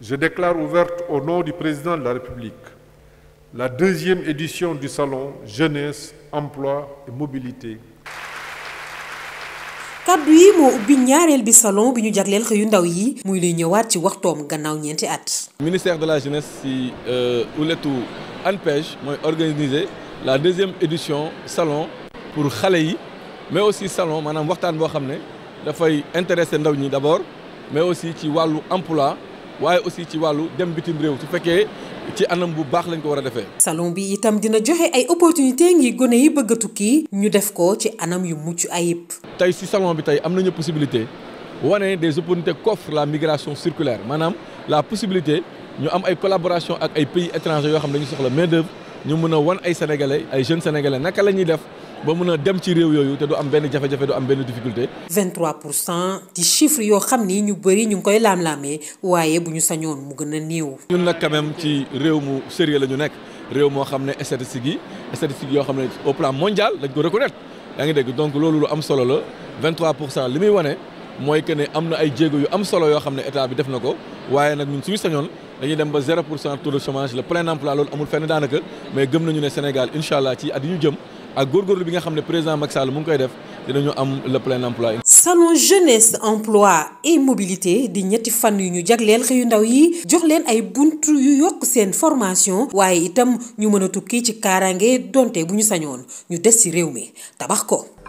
Je déclare ouverte au nom du président de la République la deuxième édition du Salon Jeunesse, Emploi et Mobilité kàddu yi moo ubbi ñaareel bi salon bi ñu jagleel xëyu ndaw yi muy luy ñëwaat ci waxtoom gannaaw ñeenti at ministère de la jeunesse ci uletu ANPEJ mooy organiser la deuxième édition salon pour xale yi mais aussi salon maanaam waxtaan boo xam ne dafay intéressé ndaw ñi d'abord mais aussi ci wàllu emploi waaye aussi ci wàllu dem bitim réew su fekkee ci anam bu baax lañ ko war a defee. salon bi itam dina joxe ay opportunité ngir gone yi bëgg a tukki ñu def ko ci anam yu mucc ayib. tey si salon bi tey am nañu possibilité wane des opportunités qu'offre la migration circulaire maanaam la possibilité ñu am ay collaboration ak ay pays étrangers yoo xam ne dañu soxla main d'œuvre ñu mën a wan ay sénégalais ay jeunes sénégalais naka la ñuy def ba mun a dem ci réew yooyu te du am benn jafe-jafe du am benn difficulté. 23 pour cent ci chiffre yoo xam ni ñu bëri ñu ngi koy laam-laamee waaye bu ñu sañoon mu gën a néew. ñun nag quand ci réew mu sérieux la ñu nekk réew moo xam ne statistiques yi statistiques yoo xam ne au plan mondial lañ ko reconnaître yaa ngi dégg donc loolu lu am solo la 23 pour cent li muy wane mooy que ne am na ay jéego yu am solo yoo xam ne état bi def na ko waaye nag ñun suñu sañoon. dañuy dem ba zéro pour cent taux de chômage le plein emploi loolu amul fenn daanaka mais gëm nañu ne Sénégal incha allah ci at yu ñu jëm ak góorgóorlu bi nga xam ne président Macky Sall mu ngi koy def dinañu am le plein emploi. salon jeunesse emploi et mobilité di ñetti fan yu ñu jag jagleel xëyu ndaw yi jox leen ay buntu yu yokk seen formation waaye itam ñu mën a tukki ci kaaraange donte bu ñu sañoon ñu des ci réew mi tabax ko.